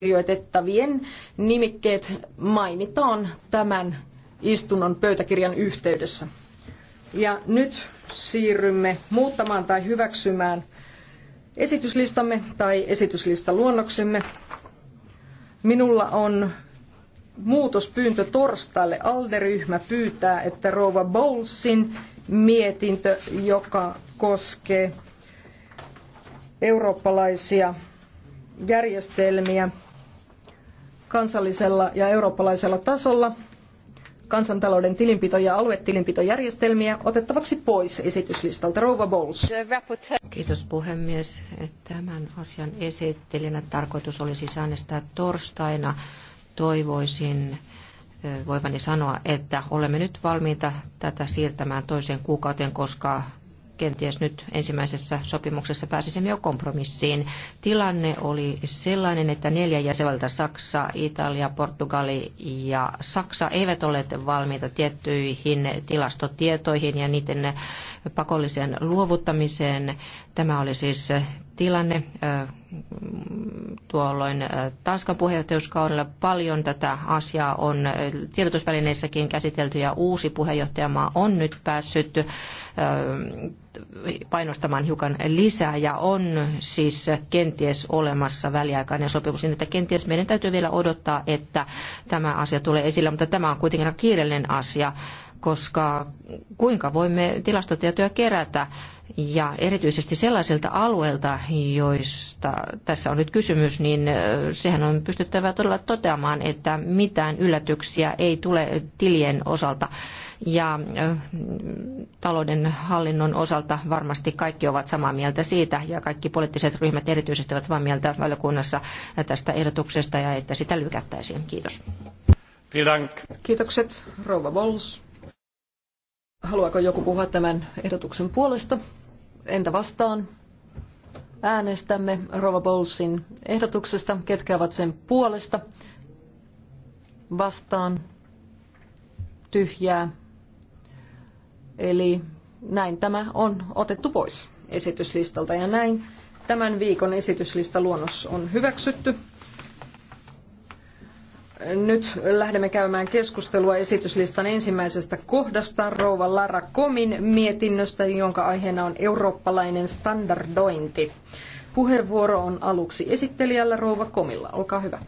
kirjoitettavien nimikkeet mainitaan tämän istunnon pöytäkirjan yhteydessä. Ja nyt siirrymme muuttamaan tai hyväksymään esityslistamme tai esityslistaluonnoksemme. Minulla on muutospyyntö torstaille. Alderyhmä pyytää, että Rova Bowlesin mietintö, joka koskee eurooppalaisia järjestelmiä, kansallisella ja eurooppalaisella tasolla kansantalouden tilinpito- ja aluetilinpitojärjestelmiä otettavaksi pois esityslistalta. Rouva Bowles. Kiitos puhemies. Tämän asian esittelinä tarkoitus oli siis äänestää torstaina. Toivoisin voivani sanoa, että olemme nyt valmiita tätä siirtämään toiseen kuukauteen, koska kenties nyt ensimmäisessä sopimuksessa pääsisimme jo kompromissiin. Tilanne oli sellainen, että neljä jäsenvaltiota Saksa, Italia, Portugali ja Saksa eivät olleet valmiita tiettyihin tilastotietoihin ja niiden pakolliseen luovuttamiseen. Tämä oli siis tilanne tuolloin äh, Tanskan puheenjohtajuuskaudella. Paljon tätä asiaa on äh, tiedotusvälineissäkin käsitelty ja uusi puheenjohtajamaa on nyt päässyt äh, painostamaan hiukan lisää ja on siis kenties olemassa väliaikainen sopimus, niin että kenties meidän täytyy vielä odottaa, että tämä asia tulee esille, mutta tämä on kuitenkin kiireellinen asia koska kuinka voimme tilastotietoja kerätä ja erityisesti sellaisilta alueilta, joista tässä on nyt kysymys, niin sehän on pystyttävä todella toteamaan, että mitään yllätyksiä ei tule tilien osalta. Ja talouden hallinnon osalta varmasti kaikki ovat samaa mieltä siitä ja kaikki poliittiset ryhmät erityisesti ovat samaa mieltä valiokunnassa tästä ehdotuksesta ja että sitä lykättäisiin. Kiitos. Kiitokset, rouva Bols. Haluaako joku puhua tämän ehdotuksen puolesta? Entä vastaan? Äänestämme Rova Bowlesin ehdotuksesta. Ketkä ovat sen puolesta? Vastaan. Tyhjää. Eli näin tämä on otettu pois esityslistalta ja näin. Tämän viikon esityslista luonnos on hyväksytty. Nyt lähdemme käymään keskustelua esityslistan ensimmäisestä kohdasta Rouva Lara Komin mietinnöstä, jonka aiheena on eurooppalainen standardointi. Puheenvuoro on aluksi esittelijällä Rouva Komilla. Olkaa hyvä.